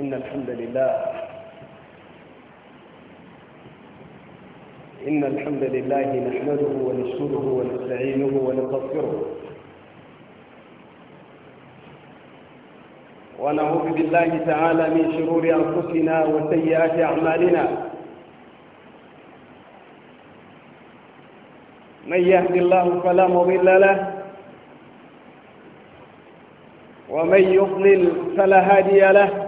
إن الحمد لله إن الحمد لله نحمده ونشكره ونستعينه ونستغفره ونعوذ بالله تعالى من شرور أنفسنا وسيئات أعمالنا من يهد الله فلا مضل له ومن يضلل فلا هادي له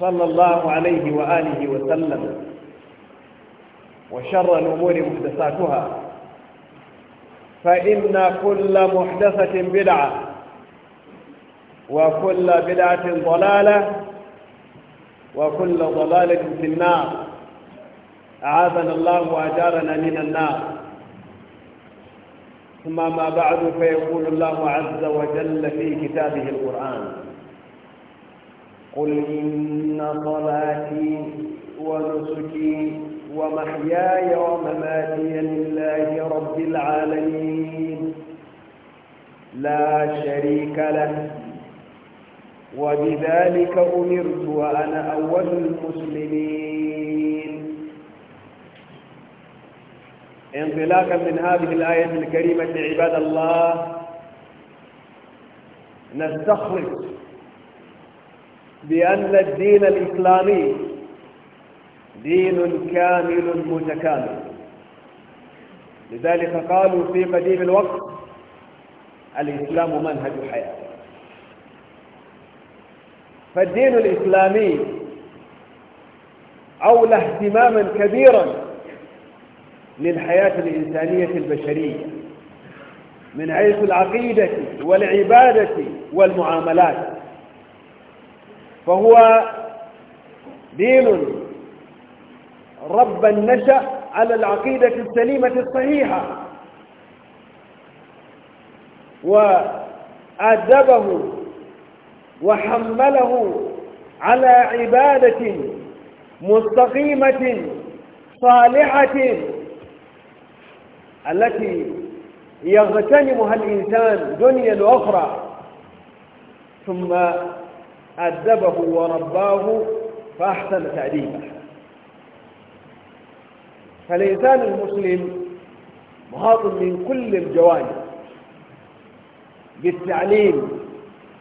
صلى الله عليه وآله وسلم وشر الأمور محدثاتها فإن كل محدثة بدعة وكل بدعة ضلالة وكل ضلالة في النار أعاذنا الله وأجارنا من النار ثم ما بعد فيقول الله عز وجل في كتابه القرآن قل إن صلاتي ونسكي ومحياي ومماتي لله رب العالمين لا شريك له وبذلك أمرت وأنا أول المسلمين انطلاقا من هذه الآية الكريمة عباد الله نستخرج بأن الدين الإسلامي دين كامل متكامل لذلك قالوا في قديم الوقت الإسلام منهج حياة فالدين الإسلامي أولى اهتماما كبيرا للحياة الإنسانية البشرية من حيث العقيدة والعبادة والمعاملات فهو دين ربا نشأ على العقيدة السليمة الصحيحة وأدبه وحمله على عبادة مستقيمة صالحة التي يغتنمها الإنسان دنيا وأخرى ثم أدبه ورباه فأحسن تأديبه فالإنسان المسلم محاط من كل الجوانب بالتعليم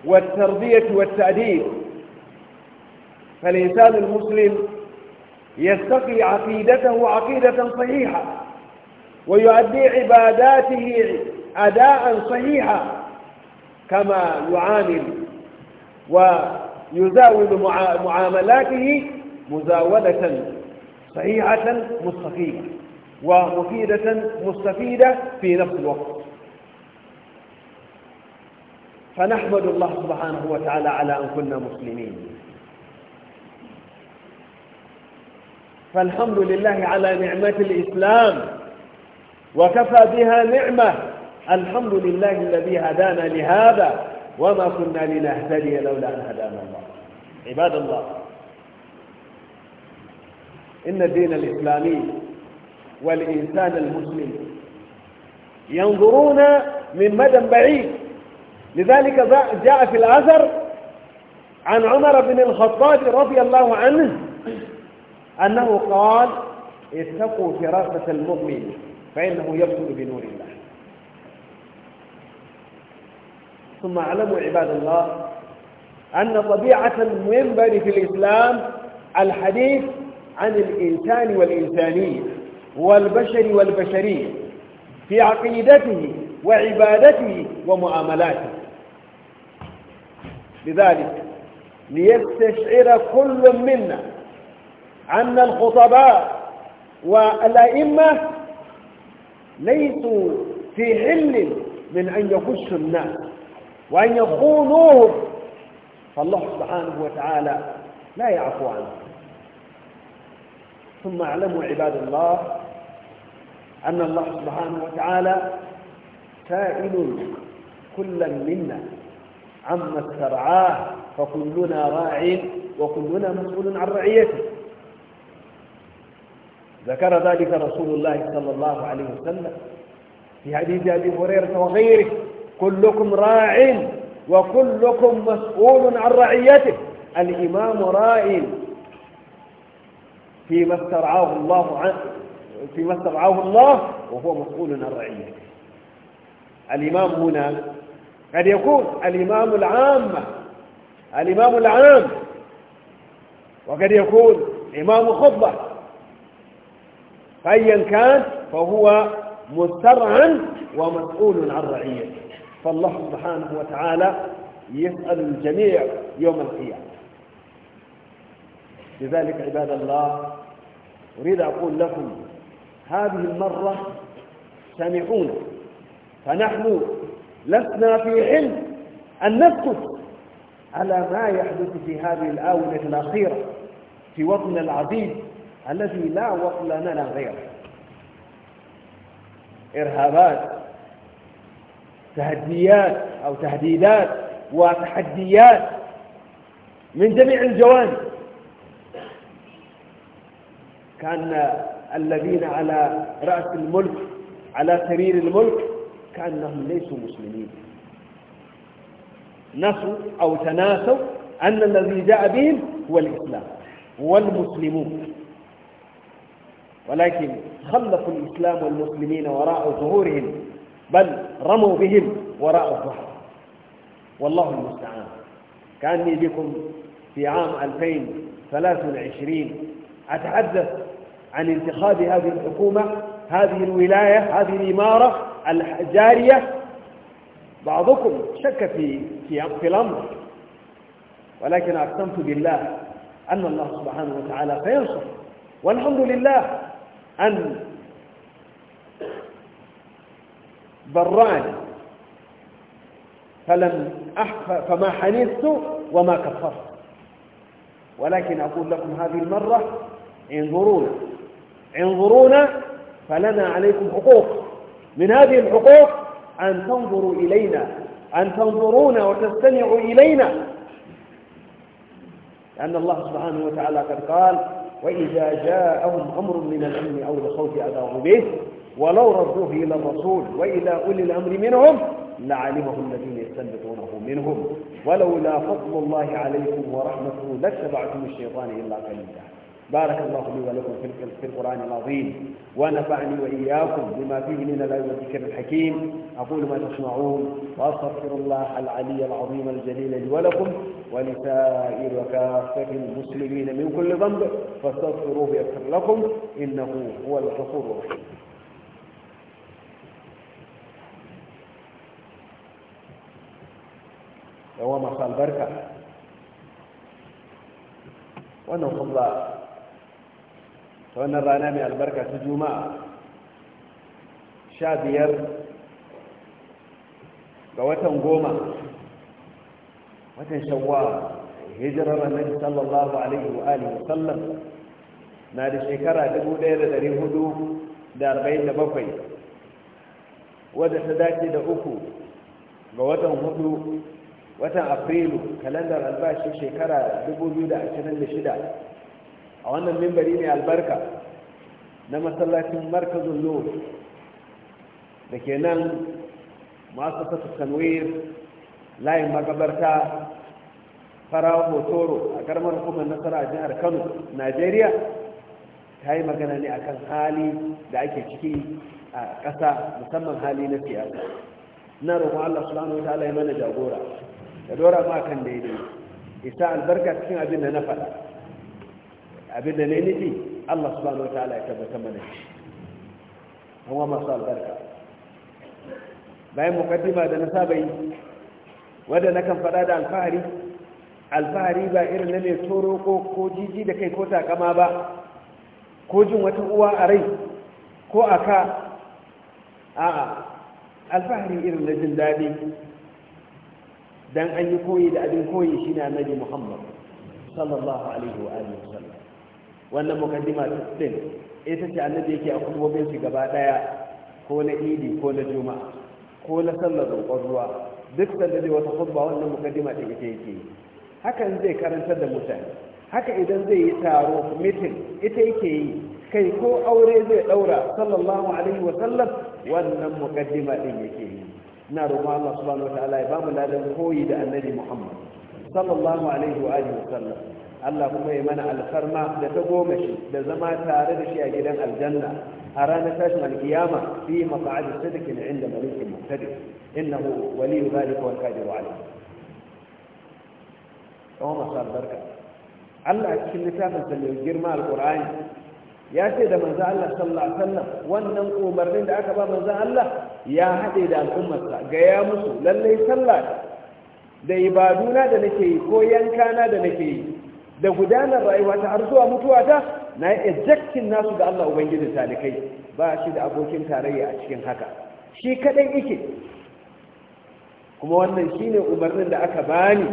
والتربية والتأديب فالإنسان المسلم يستقي عقيدته عقيدة صحيحة ويؤدي عباداته أداء صحيحا كما يعامل و يزاول معاملاته مزاولة صحيحة مستفيدة ومفيدة مستفيدة في نفس الوقت فنحمد الله سبحانه وتعالى على أن كنا مسلمين فالحمد لله على نعمة الإسلام وكفى بها نعمة الحمد لله الذي هدانا لهذا وما كنا لنهتدي لولا أن هدانا الله عباد الله إن الدين الإسلامي والإنسان المسلم ينظرون من مدى بعيد لذلك جاء في الأثر عن عمر بن الخطاب رضي الله عنه أنه قال اتقوا فراسة المؤمن فإنه يبطل بنور الله ثم اعلموا عباد الله أن طبيعة المنبر في الإسلام الحديث عن الإنسان والإنسانية والبشر والبشرية في عقيدته وعبادته ومعاملاته لذلك ليستشعر كل منا أن الخطباء والأئمة ليسوا في حل من أن يخشوا الناس وأن يخونوه فالله سبحانه وتعالى لا يعفو عنه ثم اعلموا عباد الله أن الله سبحانه وتعالى سائل كلا منا عما استرعاه فكلنا راع وكلنا مسؤول عن رعيته ذكر ذلك رسول الله صلى الله عليه وسلم في حديث أبي هريرة وغيره كلكم راع وكلكم مسؤول عن رعيته الإمام راع فيما استرعاه الله عنه فيما استرعاه الله وهو مسؤول عن رعيته الإمام هنا قد يكون الإمام العام الإمام العام وقد يكون إمام خطبة فأيا كان فهو مسترعا ومسؤول عن رعيته فالله سبحانه وتعالى يسأل الجميع يوم القيامة لذلك عباد الله أريد أقول لكم هذه المرة سامعونا فنحن لسنا في حلم أن نسكت على ما يحدث في هذه الآونة الأخيرة في وطن العزيز الذي لا وطن لنا غيره إرهابات تهديات أو تهديدات وتحديات من جميع الجوانب كان الذين على رأس الملك على سرير الملك كأنهم ليسوا مسلمين نسوا أو تناسوا أن الذي جاء بهم هو الإسلام والمسلمون ولكن خلفوا الإسلام والمسلمين وراء ظهورهم بل رموا بهم وراء الظهر والله المستعان كأني بكم في عام 2023 أتحدث عن انتخاب هذه الحكومة هذه الولاية هذه الإمارة الجارية بعضكم شك في في, الأمر ولكن أقسمت بالله أن الله سبحانه وتعالى سينصر والحمد لله أن براني فلم أحف فما حنثت وما كفرت ولكن أقول لكم هذه المرة انظرونا انظرونا فلنا عليكم حقوق من هذه الحقوق أن تنظروا إلينا أن تنظرونا وتستمعوا إلينا لأن الله سبحانه وتعالى قد قال وإذا جاءهم أمر من الأمن أو الخوف أذاعوا به ولو ردوه إلى الرسول وإلى أولي الأمر منهم لعلمه الذين يستنبطونه منهم ولولا فضل الله عليكم ورحمته لاتبعتم الشيطان إلا قليلا بارك الله لي ولكم في القرآن العظيم ونفعني وإياكم بما فيه من الآية والذكر الحكيم أقول ما تسمعون وأستغفر الله العلي العظيم الجليل لي ولكم ولسائر وكافة المسلمين من كل ذنب فاستغفروه يغفر لكم إنه هو الغفور الرحيم yawa masu albarka wannan kuma ta wannan rana mai albarka ta juma'a sha biyar ga watan goma watan shawwa hijirar annabi sallallahu alaihi wa alihi wa sallam na da shekara 1447 wadda ta dace da uku ga watan hudu watan afrilu kalandar albashi shekara 2026 a wannan mimbari ne albarka na masallacin markazin lo da ke nan masu sassa kanwir layin magabarta farawa hotoro a karamar hukumar nasara a jihar kano najeriya ta yi magana ne a kan hali da ake ciki a ƙasa musamman hali na siyasa na roƙon allah subhanahu wa ta'ala ya mana jagora ya dora ma kan daidai isa albarka cikin abin da na faɗa abin da ne nufi Allah subhanahu wa ta'ala ya tabbata mana shi kuma masu albarka bayan mukaddima da na saba yi wanda na kan faɗa da alfahari alfahari ba irin na mai toro ko jiji da kai ko takama ba ko jin wata uwa a rai ko a ka a'a alfahari irin na jin daɗi dan an yi koyi da abin koyi shi shine annabi Muhammad sallallahu alaihi wa alihi wasallam wannan mukaddima din ita ce annabi yake a kulubobin shi gaba daya ko na idi ko na juma'a ko na sallar roƙon ruwa duk sanda zai wata khutba wannan mukaddima din ita yake hakan zai karantar da mutane haka idan zai yi taro mitin ita yake yi kai ko aure zai daura sallallahu alaihi wa sallam wannan mukaddima din yake yi ina roƙon Allah subhanahu wa ta'ala ya ba mu ladan koyi da annabi Muhammad sallallahu alaihi wa alihi wasallam Allah kuma ya mana alfarma da ta goma shi da zama tare da shi a gidan aljanna a ranar tashin alkiyama fi maq'adi sidqin inda malikin muqtadir innahu waliyyu dhalika wal qadiru alayh kawo masar, albarka Allah a cikin littafin sa mai girma alkur'ani ya ce da manzo Allah sallallahu alaihi wasallam wannan umarnin da aka ba manzo Allah ya haɗe da al'ummarsa gaya musu lallai sallah da ibaduna da nake yi ko yankana da nake yi da gudanar rayuwa ta har zuwa mutuwata na yi ejectin nasu ga Allah Ubangiji talikai ba shi da abokin tarayya a cikin haka shi kaɗan ike kuma wannan shine umarnin da aka bani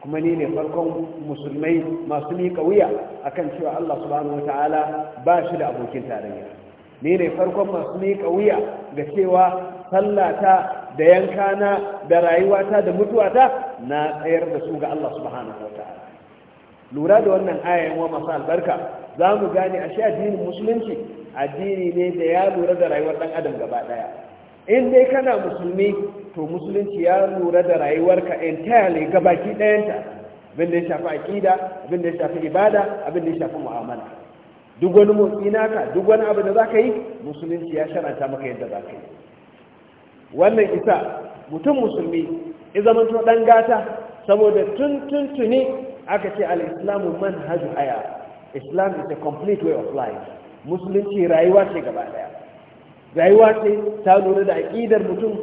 kuma ni ne farkon musulmai masu miƙa wuya akan cewa Allah subhanahu wataala ba shi da abokin tarayya ni ne farkon masu miƙa wuya ga cewa sallata da yanka na da rayuwata da mutuwata na tsayar da su ga Allah subhanahu wa ta'ala lura da wannan ayayin wa masu albarka za mu gane a shi addinin musulunci addini ne da ya lura da rayuwar ɗan adam gaba ɗaya in dai kana musulmi to musulunci ya lura da rayuwarka entirely gabaki ɗayanta abin da ya shafi aƙida abin da ya shafi ibada abin da ya shafi mu'amala duk wani motsi naka duk wani abu da za ka yi musulunci ya sharanta maka yadda za ka yi wannan isa mutum musulmi ya to ɗan gata saboda tun tuntuni aka ce al'islamu haju aya. islam is a complete way of life musulunci rayuwa ce gaba daya rayuwa ce ta lura da aƙidar mutum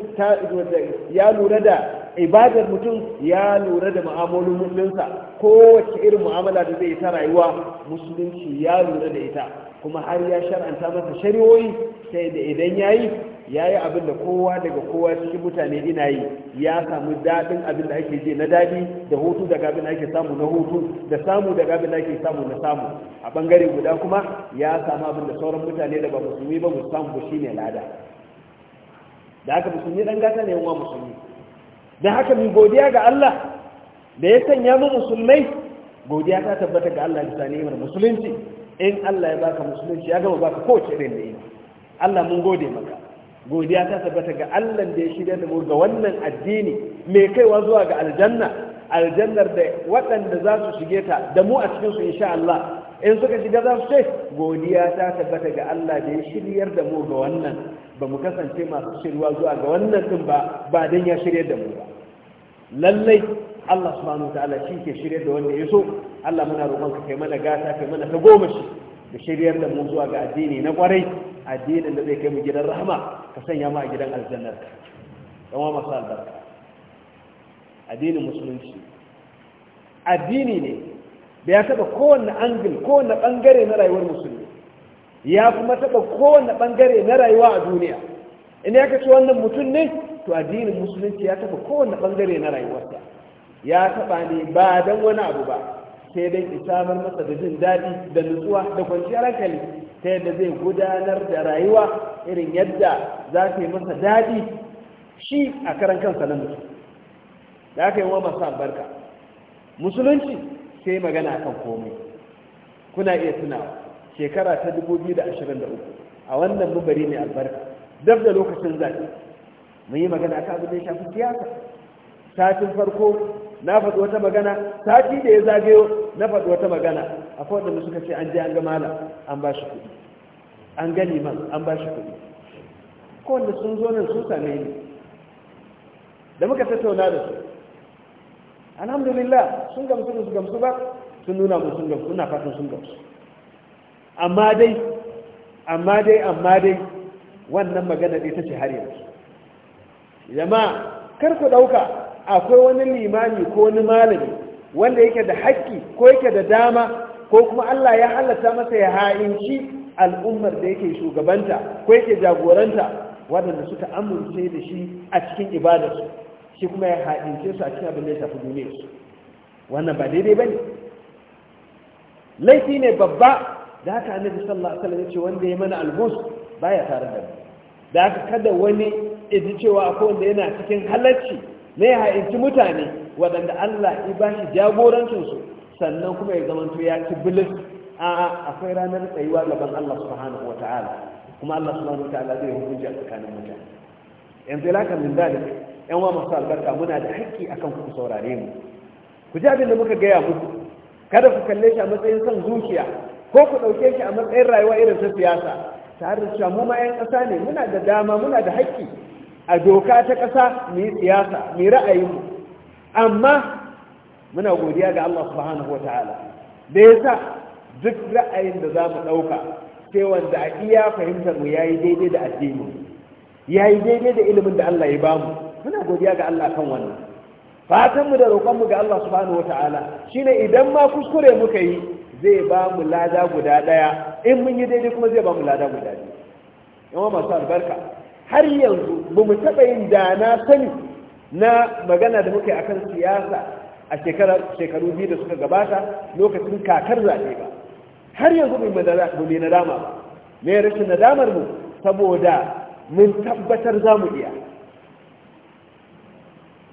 ya lura da ibadar mutum ya lura da ma'amalin musulunsa kowace irin mu'amala da zai ta rayuwa musulunci ya lura da ita kuma har ya shar'anta masa shari'o'i sai da idan yayi yayi abin da kowa daga kowa cikin mutane ina yi ya samu daɗin abin da ake je na daɗi da hutu daga abin da ake samu na hutu da samu daga abin da ake samu na samu a bangare guda kuma ya samu abin da sauran mutane da ba musulmi ba musu samu ba ne lada da haka musulmi ɗan gata ne yawan musulmi da haka mai godiya ga Allah da ya sanya mu musulmai godiya ta tabbata ga Allah sani ni'imar musulunci in Allah ya baka musulunci ya gama baka kowace irin ni'ima Allah mun gode maka godiya ta tabbata ga Allah da ya shirya da mu ga wannan addini mai kaiwa zuwa ga aljanna aljannar da waɗanda za su shige ta da mu a cikin su insha Allah in suka shiga za su ce godiya ta tabbata ga Allah da ya shiryar da mu ga wannan ba mu kasance masu shirwa zuwa ga wannan din ba ba don ya shirya da mu ba lallai Allah subhanahu wa ta'ala shi ke shirya da wanda ya so Allah muna roƙon ka kai mana gata kai mana ta goma shi da shiryar da mu zuwa ga addini na kwarai addinin da zai kai mu gidan rahama ka sanya mu a gidan aljannar dan wa masu albarka addinin musulunci addini ne da ya saba kowanne angil kowanne bangare na rayuwar musulmi ya kuma taba kowanne bangare na rayuwa a duniya in ya kace wannan mutum ne to addinin musulunci ya taba kowane bangare na rayuwarsa ya taɓa ne ba don wani abu ba sai dai isa samar masa da jin daɗi da nutsuwa da kwanciyar hankali ta yadda zai gudanar da rayuwa irin yadda za ta yi masa daɗi shi a karan kansa na mutum da aka yi wa masu albarka musulunci sai magana kan komai kuna iya tunawa shekara ta 2023 a wannan mubari ne albarka dab da lokacin zaɓe mun yi magana a abin da ya shafi siyasa satin farko na faɗi wata magana sati da ya zagayo na faɗi wata magana kowanne da suka ce an je an ga malam an ba shi kuɗi an gani man an ba shi kuɗi Kowanne sun zo nan sun same ni da muka tattauna da su alhamdulillah sun gamsu da su gamsu ba sun nuna mu sun gamsu na fatan sun gamsu amma dai amma dai amma dai wannan magana ɗaya ta ce har yanzu yamma kar ku ɗauka akwai wani limani ko wani malami wanda yake da haƙƙi ko yake da dama ko kuma Allah ya halatta masa ya ha'inci al'ummar da yake shugabanta ko yake jagoranta waɗanda suka amince da shi a cikin ibadarsu shi kuma ya ha'ince su a cikin abin da ya shafi duniyarsu wannan ba daidai ba ne laifi ne babba da haka annabi sallallahu alaihi wasallam ya ce wanda ya mana albus baya tare da mu da haka kada wani iji cewa akwai wanda yana cikin halacci na ya ha'inci mutane waɗanda Allah ya ba shi jagorancinsu sannan kuma ya zamanto ya ci bilis a akwai ranar tsayuwa gaban Allah subhanahu wa ta'ala kuma Allah subhanahu wa ta'ala zai hukunci a tsakanin mutane yanzu laka min dalik yan wa masu albarka muna da haƙƙi akan ku saurare mu ku ji abin da muka gaya muku kada ku kalle shi a matsayin son zuciya ko ku ɗauke shi a matsayin rayuwa irin ta siyasa tare da cewa mu ma 'yan ƙasa ne muna da dama muna da haƙƙi a doka ta ƙasa mu yi siyasa mu ra'ayinmu amma muna godiya ga Allah subhanahu wa da ya sa duk ra'ayin da za mu ɗauka sai wanda a iya fahimtar mu ya yi daidai da addini yi daidai da ilimin da Allah ya bamu muna godiya ga Allah kan wannan fatan da roƙon mu ga Allah subhanahu wa ta'ala shine idan ma kuskure muka yi zai ba mu lada guda ɗaya in mun yi daidai kuma zai ba mu lada guda biyu masu albarka har yanzu ba mu taɓa yin da na sani na magana da muke akan siyasa a shekaru biyu da suka gabata lokacin kakar zaɓe ba har yanzu ba mai nadama ba mai rashin nadamar mu saboda mun tabbatar za mu iya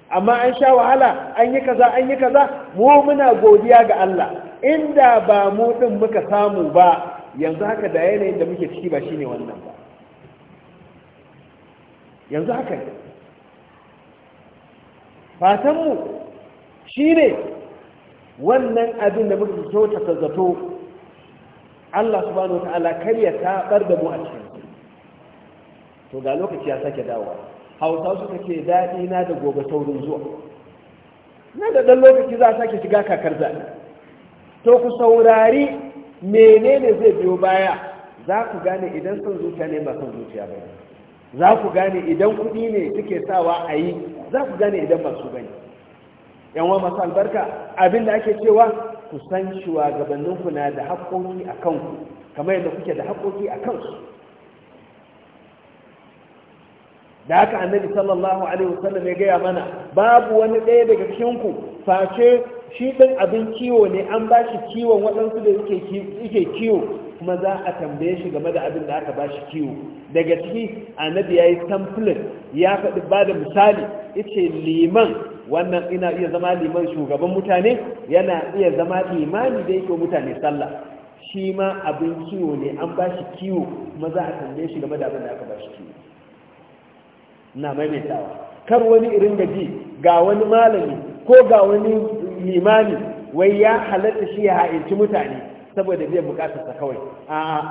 amma an sha wahala an yi kaza an yi kaza mu muna godiya ga Allah inda ba mu din muka samu ba yanzu haka da yanayin da muke ciki ba shine wannan ba yanzu haka ne fatanmu shi ne wannan abin da muka ta zato Allah subhanahu wa ta'ala karya tabar da mu to ga lokaci ya sake dawowa hausa suka ce daɗi na da gobe saurin zuwa na da ɗan lokaci za a sake shiga kakar zaɓe to ku saurari menene zai biyo baya za ku gane idan son zuciya ne ba son zuciya ba za ku gane idan kuɗi ne suke sawa a yi za ku gane idan masu gani yanwa masu albarka abin da ake cewa ku san shugabanninku na da haƙoƙi a kanku kamar yadda kuke da haƙoƙi a kansu da haka annabi sallallahu alaihi wasallam ya gaya mana babu wani ɗaya daga cikinku face shi ɗin abin kiwo ne an ba shi kiwon waɗansu da yake kiwo kuma za a tambaye shi game da abin da aka ba shi kiwo daga ciki annabi ya yi tamfilin ya faɗi ba da misali ice liman wannan ina iya zama liman shugaban mutane yana iya zama limani da yake mutane sallah shi ma abin kiwo ne an ba shi kiwo kuma za a tambaye shi game da abin da aka ba shi kiwo na maimaitawa kar wani irin gaji ga wani malami ko ga wani limani wai ya halatta shi ya ha'inci mutane saboda biyan bukatarsa kawai a'a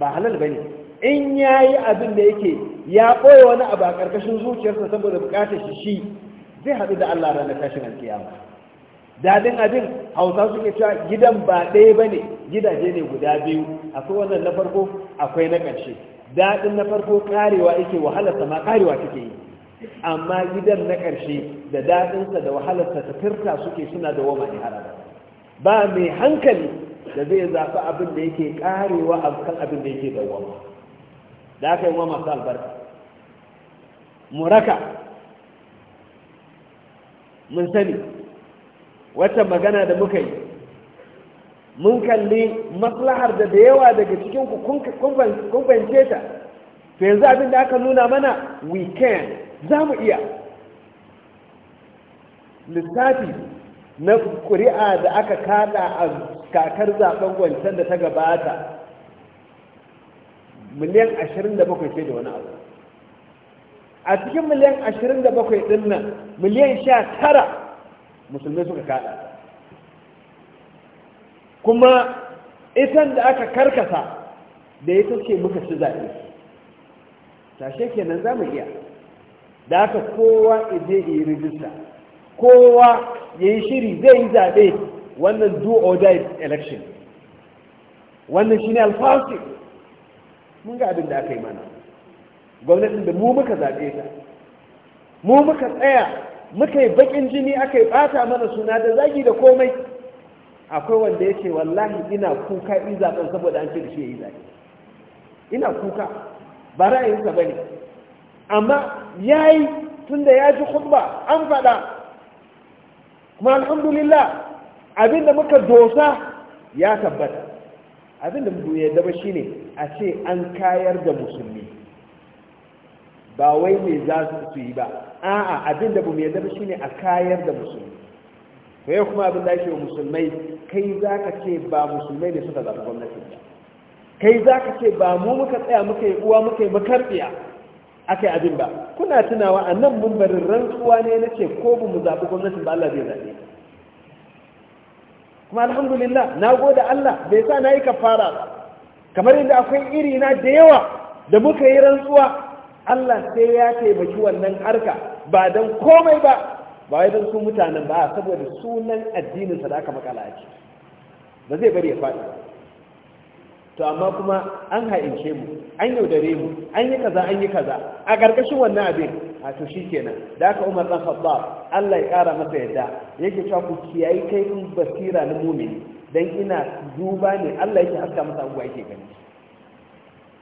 ba halal bane in yayi abin da yake ya ɓoye wani abu a ƙarƙashin zuciyarsa saboda bukatar shi shi zai haɗu da Allah ranar tashin alkiyama dadin abin hausa suke cewa gidan ba ɗaya ba ne gidaje ne guda biyu akwai wannan na farko akwai na ƙarshe daɗin na farko karewa yake wahalarsa ma karewa take yi amma gidan na ƙarshe da daɗinsa da wahalarsa ta firta suke suna da wama ne ba mai hankali da zai zafi abin da yake karewa a kan abin da yake dawama da aka yi wa masu albarka muraka mun sani wata magana da muka yi mun kalli maslahar da da yawa daga cikin kumfance ta to yanzu abin da aka nuna mana weekend za mu iya lissafi na ƙuri'a da aka kada a kakar zaben wancan da ta gabata miliyan 27 sai da wani abu a cikin miliyan 27 din nan miliyan 19 musulmai suka kada kuma isan da aka karkasa da ya ce muka ci zaɓe tashe kenan za mu iya da aka kowa ije yi rijista kowa ya yi shiri zai yi zaɓe wannan do or die election wannan shi ne alfasi mun ga abin da aka yi mana gwamnatin da mu muka zaɓe ta mu muka tsaya muka yi baƙin jini aka yi ɓata mana suna da zagi da komai akwai wanda ya ce wallahi ina kuka in zaɓen saboda an ce da shi ya yi zaɓe ina kuka ba ra'ayinsa ba ne amma ya yi tun da ya ji khutba an faɗa kuma alhamdulillah abinda muka dosa ya tabbata abinda mu ya daba shine a ce an kayar da musulmi ba wai me za su yi ba a'a abinda mu ya daba shine a kayar da musulmi ko yau kuma abinda da yake wa musulmai kai za ka ce ba musulmai ne suka zaɓi gwamnati kai za ka ce ba mu muka tsaya muka yi uwa muka yi makarɓiya aka yi abin ba kuna tunawa a nan mumbarin rantsuwa ne na ce ko ba mu zaɓi gwamnatin ba Allah zai zaɓe kuma alhamdulillah na gode Allah bai sa na yi kafara kamar inda akwai iri na da yawa da muka yi rantsuwa Allah sai ya taimaki wannan harka ba don komai ba ba wai don su mutanen ba saboda sunan addinin sa da aka makala a ba zai bari ya faɗi to amma kuma an ha'ince mu an yaudare mu an yi kaza an yi kaza a ƙarƙashin wannan abin a to shi kenan da aka umar ɗan khattab allah ya ƙara masa yadda yake cewa ku kai in basira na mumini dan ina duba ne allah yake haska masa abubuwa yake gani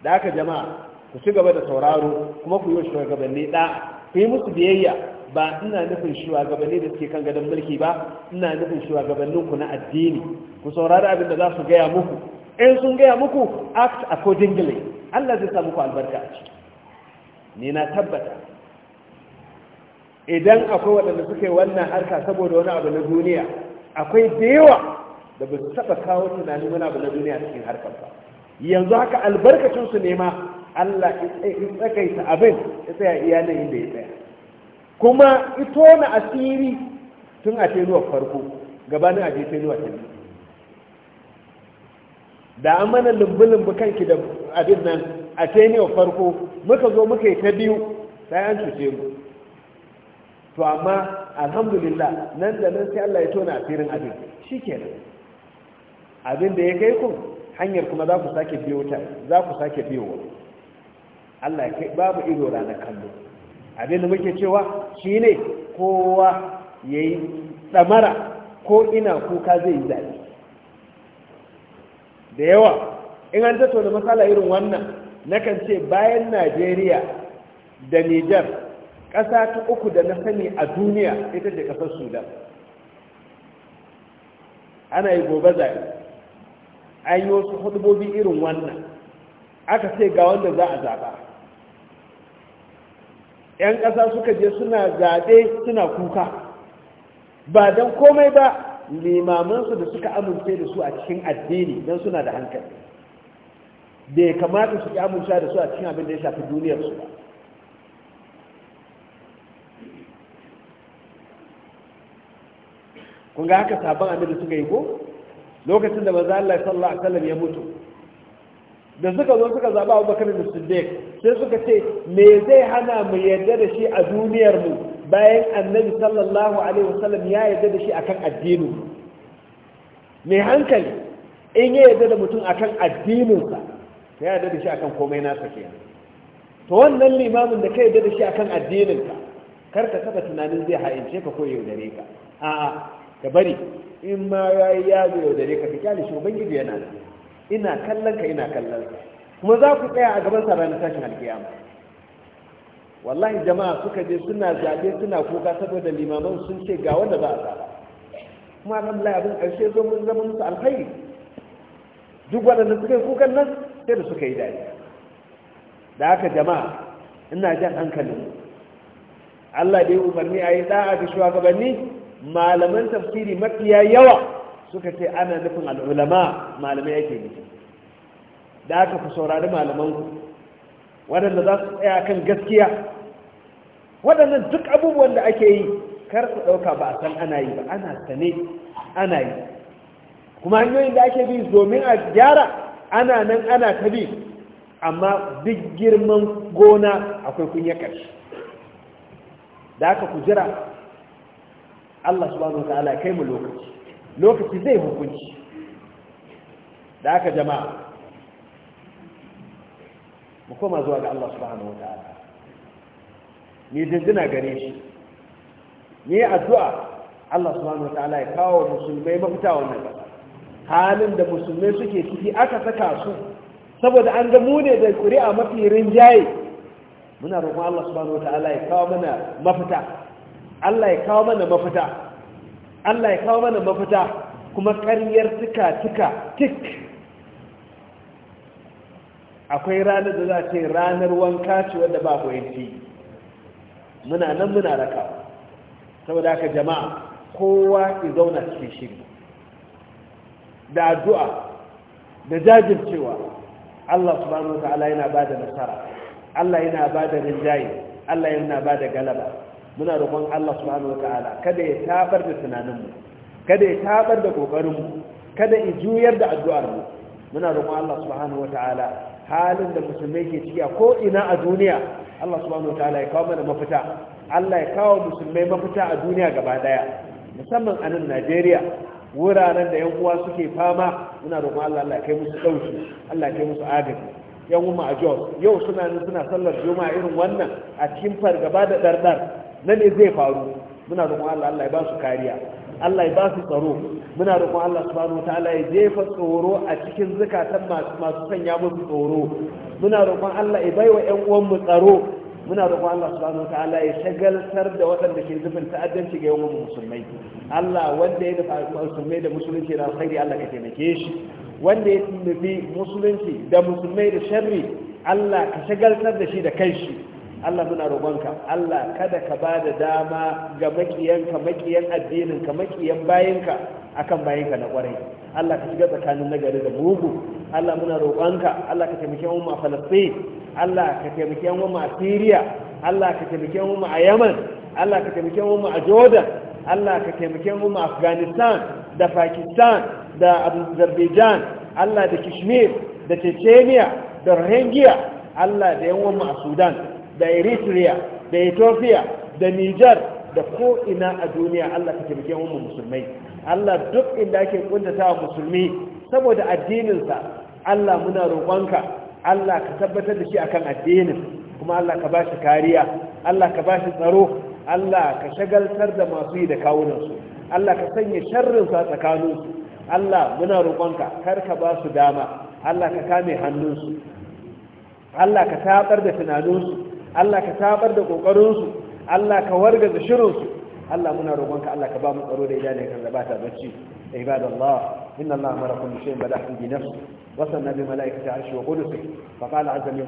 da aka jama'a ku ci gaba da sauraro kuma ku yi wa shugabanni ɗa ku yi musu biyayya ba ina nufin shugabanni da suke kan gadon mulki ba ina nufin shugabanninku na addini ku saurari abin da za su gaya muku in sun gaya muku act accordingly Allah zai sa muku albarka a ciki ni na tabbata idan akwai waɗanda suke wannan harka saboda wani abu na duniya akwai da yawa da ba su taɓa kawo tunanin wani abu na duniya cikin harkar ba yanzu haka albarkacin su nema Allah in tsakaita abin ya tsaya iya inda ya tsaya kuma ito na asiri tun a tenuwar farko gabanin a je tenuwar ta da an mana lumbu-lumbu kanki da abin nan a teniyar farko muka zo muka yi ta biyu sai an cuce mu to amma alhamdulillah nan da nan sai Allah ya tona asirin abin shi kenan abin da ya kai ku hanyar kuma za ku sake biyo ta za ku sake biyo Allah ya kai babu ido ranar kallo abin da muke cewa shi ne kowa ya yi tsamara ko ina kuka zai yi zai da yawa in an tattauna matsala irin wannan na kan ce bayan najeriya da nijar ƙasa ta uku da na sani a duniya ita ce ƙasar sudan ana yi gobe zaɓe an yi wasu hudubobi irin wannan aka ce ga wanda za a zaɓa 'yan ƙasa suka je suna zaɓe suna kuka ba don komai ba limamansu da suka amince da su a cikin addini don suna da hankali bai kamata su amince da su a cikin abin da ya shafi duniyarsu ba kun ga haka sabon abin da suka yi ko lokacin da maza Allah sallallahu alaihi wasallam ya mutu da suka zo suka zaba Abubakar da Siddiq sai suka ce me zai hana mu yarda da shi a duniyar mu bayan annabi sallallahu alaihi wasallam ya yarda da shi akan addinin mai hankali in ya yarda da mutum akan addininsa ya yarda da shi akan komai nasa ke to wannan limamin da ka yarda da shi akan addininka kar ka saba tunanin zai ha'ince ka ko yaudare ka a'a ka bari in ma yayi ya yaudare ka ka kyale shi ubangiji yana ina kallon ka ina kallon ka kuma za ku tsaya a gaban sa ranar tashin alkiyama wallahi jama'a suka je suna zaɓe suna kuka saboda limaman sun ce ga wanda ba a zaɓa kuma alhamdulillah abin ƙarshe zo mun zama musu alkhairi duk waɗanda suka yi kukan nan sai da suka yi daɗi da haka jama'a ina jan hankalin Allah da ya umarni a yi ɗa'a ga shugabanni malaman tafsiri mafiya yawa suka ce ana nufin al'ulama malamai yake nufi da aka fi saurari malamanku waɗanda za su tsaya kan gaskiya waɗannan duk abubuwan da ake yi kar su ɗauka ba a san ana yi ba ana sane ana yi kuma hanyoyin da ake bi domin a gyara ana nan ana ta bi amma duk girman gona akwai kunya ƙarshe da aka ku jira Allah subhanahu wa ta'ala kai mu lokaci lokaci zai hukunci da aka jama'a mu koma zuwa ga Allah subhanahu wa ta'ala ni jinjina gare shi ni addu'a Allah subhanahu wataala ya kawo musulmai mafita wannan halin da musulmai suke ciki aka saka su saboda an ga mu ne da ƙuri'a mafi rinjaye muna roƙon Allah subhanahu wataala ya kawo mana mafita Allah ya kawo mana mafita Allah ya kawo mana mafita kuma ƙaryar tuka tuka tik akwai ranar da za ce ranar wanka ce wadda ba ku yi. muna nan muna raka saboda haka jama'a kowa ya zauna cikin shiri da addu'a da jajircewa Allah subhanahu wata'ala yana ba da nasara Allah yana ba da rinjaye Allah yana ba da galaba muna roƙon Allah subhanahu wata'ala kada ya tabar da tunaninmu kada ya tabar da ƙoƙarinmu kada ya juyar da addu'ar mu. muna roƙon Allah subhanahu wata'ala halin da musulmai ke ciki a ko ina a duniya Allah subhanahu ta'ala ya kawo mana mafita Allah ya kawo musulmai mafita a duniya gaba daya musamman a nan Najeriya wuraren da 'yan uwa suke fama muna roƙon Allah Allah kai musu ɗauki Allah kai musu agaji yan uwa a Jos yau suna nan suna sallar juma'a irin wannan a cikin fargaba da ɗarɗar nan ne zai faru muna roƙon Allah Allah ya ba su kariya Allah ya ba su tsaro muna roƙon Allah subhanahu wataala ya jefa tsoro a cikin zukatan masu sanya musu tsoro muna roƙon Allah ya baiwa ƴan uwan mu tsaro muna roƙon Allah subhanahu wataala ya shagaltar da waɗanda ke zubin ta'addanci ga yawan musulmai Allah wanda ya nufa musulmai da musulunci da alkhairi Allah ka taimake shi wanda ya nufi musulunci da musulmai da sharri Allah ka shagaltar da shi da kanshi Allah muna roƙonka Allah kada ka ba da dama ga makiyanka makiyan addininka makiyan bayanka akan bayanka na ƙwarai Allah ka shiga tsakanin nagari da mugu Allah muna roƙonka Allah ka taimake mu a Falastin Allah ka taimake mu a Syria Allah ka taimake mu a Yemen Allah ka taimake mu a Jordan Allah ka taimake mu a Afghanistan da Pakistan da Azerbaijan Allah da Kashmir da Chechnya da Rohingya Allah da yawan mu a Sudan da eritrea da ethiopia da niger da ko ina a duniya allah ka taimake mu musulmai allah duk inda ake kuntata wa musulmi saboda addininsa allah muna roƙonka allah ka tabbatar da shi akan addinin kuma allah ka bashi kariya allah ka bashi tsaro allah ka shagaltar da masu yi da kawunansu allah ka sanya sharrinsu tsakaninsu allah muna roƙonka kar ka ba su dama allah ka kame hannunsu Allah ka tabar da tunaninsu Allah ka tabar da kokarinsu Allah ka warga da shirinsu Allah muna roƙonka Allah ka ba mu tsaro da idan ka zaba ta bacci ibadallah inna Allah amara kullu shay'in bi rahmi nafsi wa sanna bi malaikati arshi wa qudusi fa qala azza min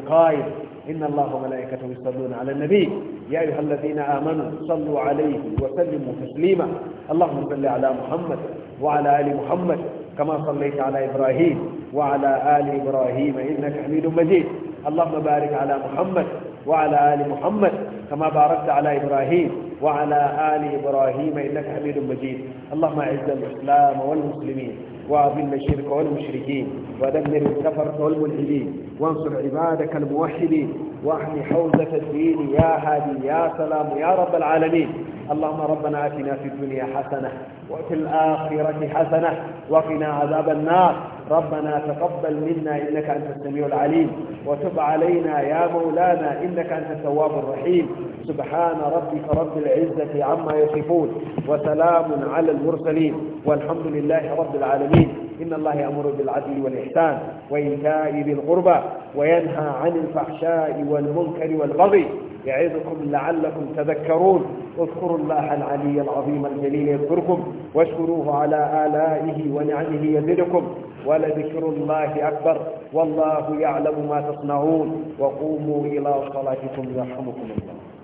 inna Allah wa malaikatahu yusalluna ala nabi ya ayyuhalladhina amanu sallu alayhi wa sallimu taslima اللهم صل على محمد وعلى ال محمد كما صليت على ابراهيم وعلى ال ابراهيم انك حميد مجيد اللهم بارك على محمد وعلى آل محمد كما باركت على إبراهيم وعلى آل إبراهيم إنك حميد مجيد اللهم أعز الإسلام والمسلمين وأذل الشرك والمشركين ودمر الكفرة والملحدين وانصر عبادك الموحدين واحمي حوزة الدين يا هادي يا سلام يا رب العالمين اللهم ربنا اتنا في الدنيا حسنه وفي الاخره حسنه وقنا عذاب النار ربنا تقبل منا انك انت السميع العليم وتب علينا يا مولانا انك انت التواب الرحيم سبحان ربك رب العزه عما يصفون وسلام على المرسلين والحمد لله رب العالمين إن الله يأمر بالعدل والإحسان وإيتاء ذي القربى وينهى عن الفحشاء والمنكر والبغي يعظكم لعلكم تذكرون اذكروا الله العلي العظيم الجليل يذكركم واشكروه على آلائه ونعمه يزدكم ولذكر الله أكبر والله يعلم ما تصنعون وقوموا إلى صلاتكم يرحمكم الله